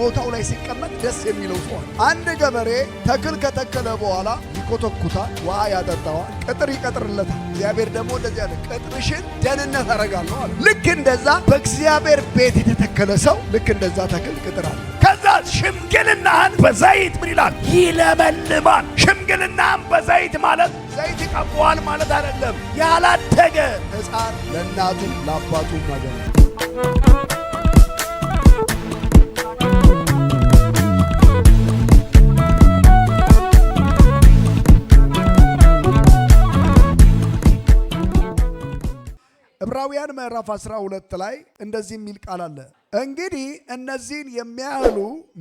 ቦታው ላይ ሲቀመጥ ደስ የሚለው ሰው አንድ ገበሬ ተክል ከተከለ በኋላ ይኮተኩታል፣ ውሃ ያጠጣዋል፣ ቅጥር ይቀጥርለታል። እግዚአብሔር ደግሞ እንደዚህ አለ፣ ቅጥርሽን ደህንነት አደርጋለሁ አለ። ልክ እንደዛ በእግዚአብሔር ቤት የተተከለ ሰው ልክ እንደዛ ተክል ቅጥር አለ። ከዛ ሽምግልናህን በዘይት ምን ይላል? ይለመልማል። ሽምግልናህን በዘይት ማለት ዘይት ይቀባዋል ማለት አይደለም። ያላደገ ሕፃን ለእናቱ ለአባቱ ማገ ዕብራውያን ምዕራፍ 12 ላይ እንደዚህ የሚል ቃል አለ። እንግዲህ እነዚህን የሚያህሉ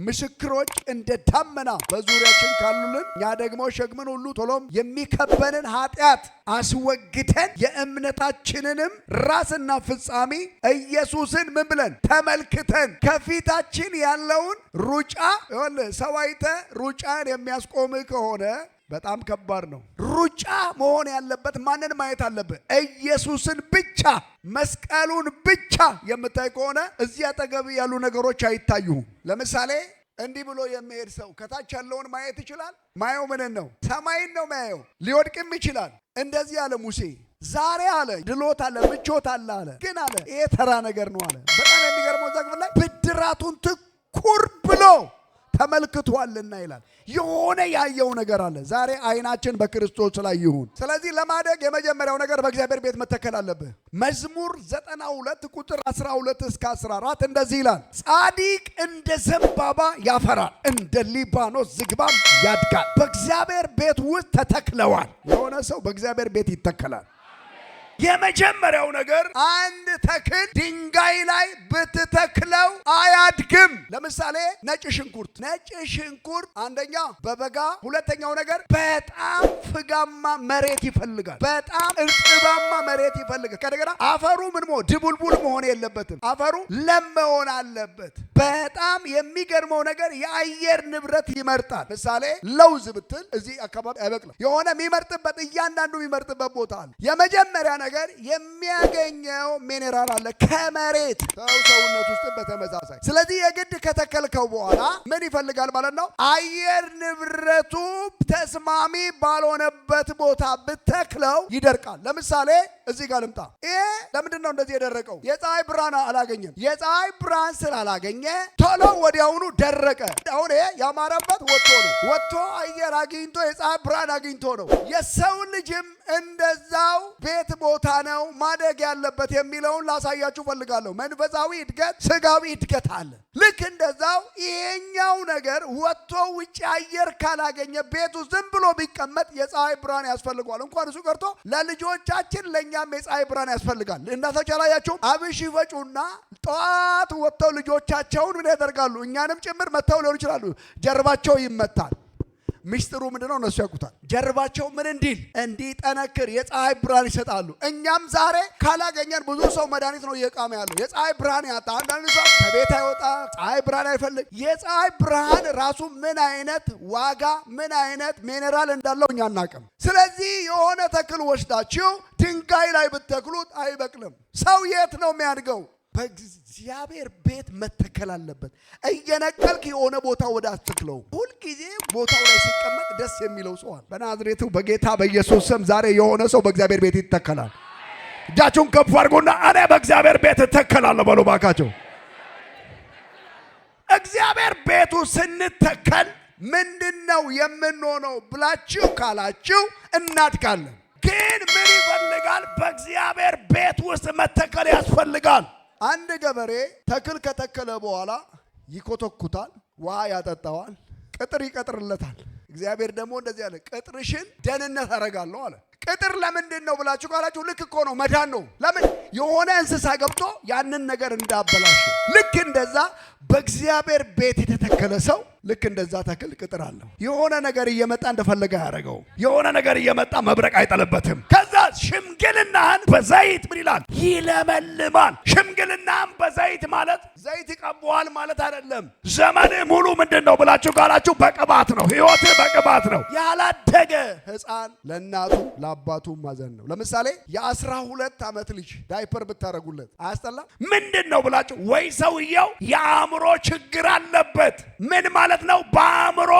ምስክሮች እንደ ደመና በዙሪያችን ካሉልን እኛ ደግሞ ሸክምን ሁሉ ቶሎም የሚከበንን ኃጢአት አስወግደን የእምነታችንንም ራስና ፍጻሜ ኢየሱስን ምን ብለን ተመልክተን ከፊታችን ያለውን ሩጫ ሰው ሩጫን የሚያስቆምህ ከሆነ በጣም ከባድ ነው። ሩጫ መሆን ያለበት ማንን ማየት አለብህ? ኢየሱስን ብቻ መስቀሉን ብቻ የምታይ ከሆነ እዚህ አጠገብ ያሉ ነገሮች አይታዩም። ለምሳሌ እንዲህ ብሎ የሚሄድ ሰው ከታች ያለውን ማየት ይችላል። ማየው ምንን ነው? ሰማይን ነው ማየው። ሊወድቅም ይችላል። እንደዚህ አለ ሙሴ ዛሬ አለ ድሎት አለ ምቾት አለ አለ ግን አለ ይሄ ተራ ነገር ነው አለ። በጣም የሚገርመው እዛ ክፍል ላይ ብድራቱን ትኩር ብሎ ተመልክቷልና ይላል። የሆነ ያየው ነገር አለ። ዛሬ አይናችን በክርስቶስ ላይ ይሁን። ስለዚህ ለማደግ የመጀመሪያው ነገር በእግዚአብሔር ቤት መተከል አለብህ። መዝሙር 92 ቁጥር 12 እስከ 14 እንደዚህ ይላል፣ ጻዲቅ እንደ ዘንባባ ያፈራል፣ እንደ ሊባኖስ ዝግባም ያድጋል። በእግዚአብሔር ቤት ውስጥ ተተክለዋል። የሆነ ሰው በእግዚአብሔር ቤት ይተከላል። የመጀመሪያው ነገር አንድ ተክል ድንጋይ ላይ ብትተክለው አያድግም። ለምሳሌ ነጭ ሽንኩርት፣ ነጭ ሽንኩርት አንደኛ በበጋ ሁለተኛው ነገር በጣም ፍጋማ መሬት ይፈልጋል። በጣም እርጥባማ መሬት ይፈልጋል። ከደገና አፈሩ ምን መሆን ድቡልቡል መሆን የለበትም። አፈሩ ለም መሆን አለበት። በጣም የሚገርመው ነገር የአየር ንብረት ይመርጣል። ምሳሌ ለውዝ ብትል እዚህ አካባቢ አይበቅልም። የሆነ የሚመርጥበት እያንዳንዱ የሚመርጥበት ቦታ አለ። የመጀመሪያ ነገር የሚያገኘው ሚኔራል አለ ከመሬት ሰው ሰውነት ውስጥ በተመሳሳይ። ስለዚህ የግድ ከተከልከው በኋላ ምን ይፈልጋል ማለት ነው? አየር ንብረቱ ተስማሚ ባልሆነበት ቦታ ብተክለው ይደርቃል። ለምሳሌ እዚህ ጋር ልምጣ። ይሄ ለምንድን ነው እንደዚህ የደረቀው? የፀሐይ ብርሃን አላገኘም። የፀሐይ ብርሃን ስላላገኘ ቶሎ ወዲያውኑ ደረቀ። አሁን ይሄ ያማረበት ወጥቶ ነው። ወጥቶ አየር አግኝቶ የፀሐይ ብርሃን አግኝቶ ነው። የሰው ልጅም እንደዛው ቤት ቦታ ቦታ ነው ማደግ ያለበት የሚለውን ላሳያችሁ ፈልጋለሁ። መንፈሳዊ እድገት፣ ስጋዊ እድገት አለ። ልክ እንደዛው ይሄኛው ነገር ወጥቶ ውጭ አየር ካላገኘ ቤቱ ዝም ብሎ ቢቀመጥ የፀሐይ ብርሃን ያስፈልገዋል። እንኳን እሱ ቀርቶ ለልጆቻችን ለእኛም የፀሐይ ብርሃን ያስፈልጋል። አላያችሁም? አብሽ ይፈጩና ጠዋት ወጥተው ልጆቻቸውን ምን ያደርጋሉ? እኛንም ጭምር መጥተው ሊሆን ይችላሉ። ጀርባቸው ይመታል። ሚስጥሩ ነው? እነሱ ያውቁታል። ጀርባቸው ምን እንዲል እንዲጠነክር የፀሐይ ብርሃን ይሰጣሉ። እኛም ዛሬ ካላገኘን ብዙ ሰው መድኃኒት ነው እየቃመ ያለው የፀሐይ ብርሃን ያጣ። አንዳንድ ሰው ከቤት አይወጣ፣ ፀሐይ ብርሃን አይፈልግ። የፀሐይ ብርሃን ራሱ ምን አይነት ዋጋ ምን አይነት ሚኔራል እንዳለው እኛ አናቅም። ስለዚህ የሆነ ተክል ወስዳችሁ ድንጋይ ላይ ብትተክሉት አይበቅልም። ሰው የት ነው የሚያድገው? በእግዚአብሔር ቤት መተከል አለበት። እየነቀልክ የሆነ ቦታ ወደ አትክለው። ሁልጊዜ ቦታው ላይ ሲቀመጥ ደስ የሚለው ሰው አለ። በናዝሬቱ በጌታ በኢየሱስ ስም ዛሬ የሆነ ሰው በእግዚአብሔር ቤት ይተከላል። እጃችሁን ከፍ አድርጉና እኔ በእግዚአብሔር ቤት እተከላለሁ በሉ ባካቸው። እግዚአብሔር ቤቱ ስንተከል ምንድን ነው የምንሆነው ብላችሁ ካላችሁ እናድጋለን። ግን ምን ይፈልጋል? በእግዚአብሔር ቤት ውስጥ መተከል ያስፈልጋል። አንድ ገበሬ ተክል ከተከለ በኋላ ይኮተኩታል፣ ውሃ ያጠጣዋል፣ ቅጥር ይቀጥርለታል። እግዚአብሔር ደግሞ እንደዚህ አለ፣ ቅጥርሽን ደህንነት አደርጋለሁ አለ። ቅጥር ለምንድን ነው ብላችሁ ካላችሁ ልክ እኮ ነው፣ መዳን ነው። ለምን የሆነ እንስሳ ገብቶ ያንን ነገር እንዳበላሽ። ልክ እንደዛ በእግዚአብሔር ቤት የተተከለ ሰው ልክ እንደዛ ተክል ቅጥር አለው። የሆነ ነገር እየመጣ እንደፈለገ አያደረገው። የሆነ ነገር እየመጣ መብረቅ አይጠለበትም። ከዛ ሽምግልናህን በዘይት ምን ይላል? ይለመልማል። ሽምግልናህን በዘይት ማለት ዘይት ይቀባዋል ማለት አይደለም። ዘመን ሙሉ ምንድን ነው ብላችሁ ካላችሁ በቅባት ነው። ህይወት በቅባት ነው። ያላደገ ህፃን ለእናቱ ለአባቱ ማዘን ነው። ለምሳሌ የአስራ ሁለት ዓመት ልጅ ዳይፐር ብታደረጉለት አያስጠላም? ምንድን ነው ብላችሁ ወይ ሰውየው የአእምሮ ችግር አለበት ምን ማለት ማለት ነው በአእምሮ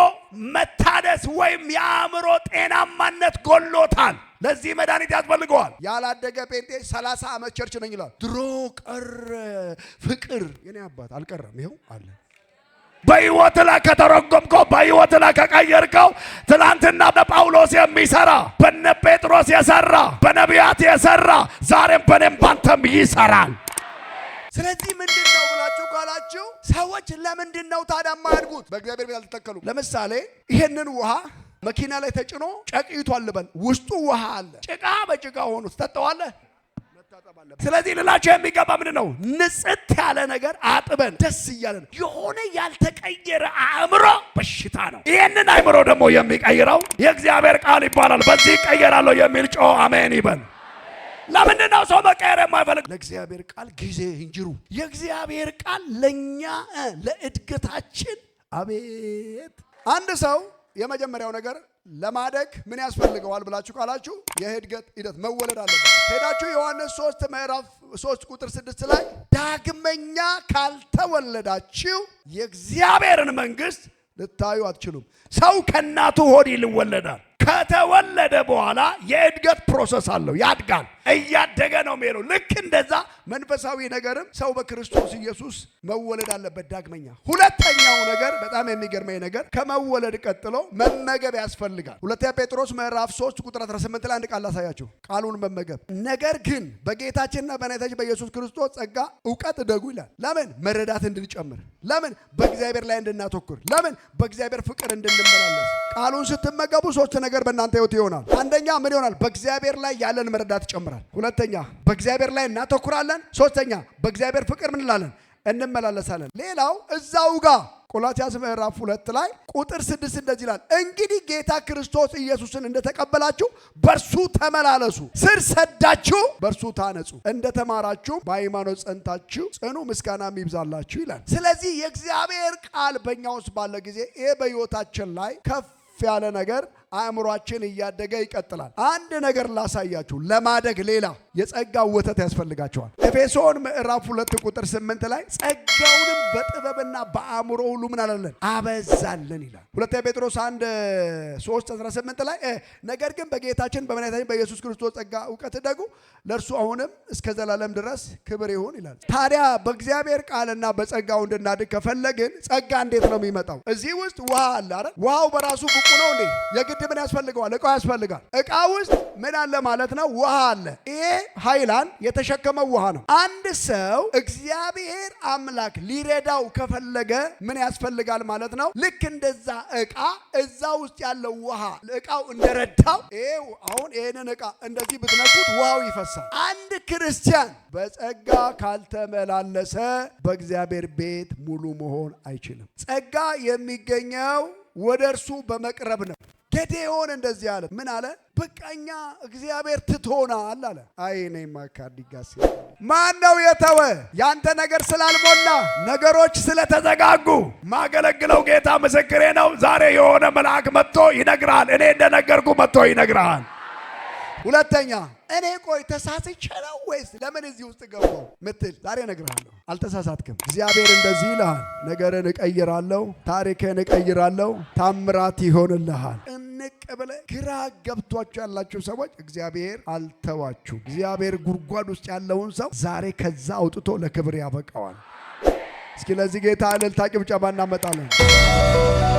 መታደስ ወይም የአእምሮ ጤናማነት ጎሎታል። ለዚህ መድኃኒት ያስፈልገዋል። ያላደገ ጴንጤ ሰላሳ ዓመት ቸርች ነኝ ይላል። ድሮ ቀረ ፍቅር የኔ አባት አልቀረም፣ ይኸው አለ። በህይወት ላይ ከተረጎምከው፣ በህይወት ላይ ከቀየርከው፣ ትላንትና በጳውሎስ የሚሰራ በነ ጴጥሮስ የሰራ በነቢያት የሰራ ዛሬም በኔም ባንተም ይሰራል። ስለዚህ ምንድን ነው ብላችሁ ካላችሁ ሰዎች ለምንድን ነው ታዲያ ማያድጉት? በእግዚአብሔር ቤት አልተተከሉም። ለምሳሌ ይሄንን ውሃ መኪና ላይ ተጭኖ ጨቅይቷ አልበል፣ ውስጡ ውሃ አለ። ጭቃ በጭቃ ሆኖ ትጠጣዋለህ። ስለዚህ ልላቸው የሚገባ ምንድን ነው? ንጽት ያለ ነገር አጥበን ደስ እያለን የሆነ ያልተቀየረ አእምሮ በሽታ ነው። ይህንን አእምሮ ደግሞ የሚቀይረው የእግዚአብሔር ቃል ይባላል። በዚህ ይቀየራለሁ የሚል ጮ አሜን ይበል። ለምንድን ነው ሰው መቀየር የማይፈልግ? ለእግዚአብሔር ቃል ጊዜ እንጅሩ የእግዚአብሔር ቃል ለእኛ ለእድገታችን አቤት አንድ ሰው የመጀመሪያው ነገር ለማደግ ምን ያስፈልገዋል ብላችሁ ካላችሁ የእድገት ሂደት መወለድ አለበት። ሄዳችሁ ዮሐንስ 3 ምዕራፍ 3 ቁጥር 6 ላይ ዳግመኛ ካልተወለዳችሁ የእግዚአብሔርን መንግስት ልታዩ አትችሉም። ሰው ከእናቱ ሆድ ይወለዳል። ከተወለደ በኋላ የእድገት ፕሮሰስ አለው። ያድጋል፣ እያደገ ነው የሚሄደው። ልክ እንደዛ መንፈሳዊ ነገርም ሰው በክርስቶስ ኢየሱስ መወለድ አለበት። ዳግመኛ ሁለተኛ ሁለተኛው ነገር በጣም የሚገርመኝ ነገር ከመወለድ ቀጥሎ መመገብ ያስፈልጋል። ሁለተኛ ጴጥሮስ ምዕራፍ 3 ቁጥር 18 ላይ አንድ ቃል ላሳያችሁ፣ ቃሉን መመገብ። ነገር ግን በጌታችንና በናይታችን በኢየሱስ ክርስቶስ ጸጋ እውቀት እደጉ ይላል። ለምን መረዳት እንድንጨምር፣ ለምን በእግዚአብሔር ላይ እንድናተኩር፣ ለምን በእግዚአብሔር ፍቅር እንድንመላለስ። ቃሉን ስትመገቡ ሶስት ነገር በእናንተ ህይወት ይሆናል። አንደኛ ምን ይሆናል? በእግዚአብሔር ላይ ያለን መረዳት ይጨምራል። ሁለተኛ በእግዚአብሔር ላይ እናተኩራለን። ሶስተኛ በእግዚአብሔር ፍቅር ምን እንላለን? እንመላለሳለን። ሌላው እዛው ጋር ቆላትያስ ምዕራፍ ሁለት ላይ ቁጥር ስድስት እንደዚህ ይላል፣ እንግዲህ ጌታ ክርስቶስ ኢየሱስን እንደተቀበላችሁ በእርሱ ተመላለሱ፣ ስር ሰዳችሁ በእርሱ ታነጹ፣ እንደተማራችሁ በሃይማኖት ጸንታችሁ ጽኑ፣ ምስጋና ይብዛላችሁ ይላል። ስለዚህ የእግዚአብሔር ቃል በእኛ ውስጥ ባለ ጊዜ ይሄ በሕይወታችን ላይ ከፍ ያለ ነገር አእምሯችን እያደገ ይቀጥላል። አንድ ነገር ላሳያችሁ። ለማደግ ሌላ የጸጋው ወተት ያስፈልጋቸዋል። ኤፌሶን ምዕራፍ ሁለት ቁጥር ስምንት ላይ ጸጋውንም በጥበብና በአእምሮ ሁሉ ምን አላለን አበዛለን ይላል። ሁለተኛ ጴጥሮስ አንድ ሶስት አስራ ስምንት ላይ ነገር ግን በጌታችን በመድኃኒታችን በኢየሱስ ክርስቶስ ጸጋ እውቀት ደጉ ለእርሱ አሁንም እስከ ዘላለም ድረስ ክብር ይሁን ይላል። ታዲያ በእግዚአብሔር ቃልና በጸጋው እንድናድግ ከፈለግን ጸጋ እንዴት ነው የሚመጣው? እዚህ ውስጥ ውሃ አለ አይደል? ውሃው በራሱ ብቁ ነው እንዴ? የግድ ምን ያስፈልገዋል? እቃው ያስፈልጋል። እቃ ውስጥ ምን አለ ማለት ነው? ውሃ አለ። ይሄ ሀይላን የተሸከመው ውሃ ነው። አንድ ሰው እግዚአብሔር አምላክ ሊረዳው ከፈለገ ምን ያስፈልጋል ማለት ነው? ልክ እንደዛ እቃ እዛ ውስጥ ያለው ውሃ እቃው እንደረዳው ይሄው አሁን ይሄንን እቃ እንደዚህ ብትነኩት ውሃው ይፈሳል። አንድ ክርስቲያን በጸጋ ካልተመላለሰ በእግዚአብሔር ቤት ሙሉ መሆን አይችልም። ጸጋ የሚገኘው ወደ እርሱ በመቅረብ ነው። ጌዴዎን እንደዚህ አለ። ምን አለ? ብቀኛ እግዚአብሔር ትቶናል አለ። አይ እኔማ ካዲጋስ ማን ነው የተወ? ያንተ ነገር ስላልሞላ ነገሮች ስለተዘጋጉ ማገለግለው ጌታ ምስክሬ ነው። ዛሬ የሆነ መልአክ መጥቶ ይነግራል። እኔ እንደነገርኩ መጥቶ ይነግራል። ሁለተኛ እኔ ቆይ ተሳስቼ ነው ወይስ ለምን እዚህ ውስጥ ገባው ምትል ዛሬ እነግርሃለሁ። አልተሳሳትክም። እግዚአብሔር እንደዚህ ይልሃል፣ ነገርን እቀይራለሁ፣ ታሪክን እቀይራለሁ፣ ታምራት ይሆንልሃል። እንቅ ብለ ግራ ገብቷችሁ ያላችሁ ሰዎች እግዚአብሔር አልተዋችሁ። እግዚአብሔር ጉድጓድ ውስጥ ያለውን ሰው ዛሬ ከዛ አውጥቶ ለክብር ያበቃዋል። እስኪ ለዚህ ጌታ እልልታ ጭብጨባ እናመጣለን።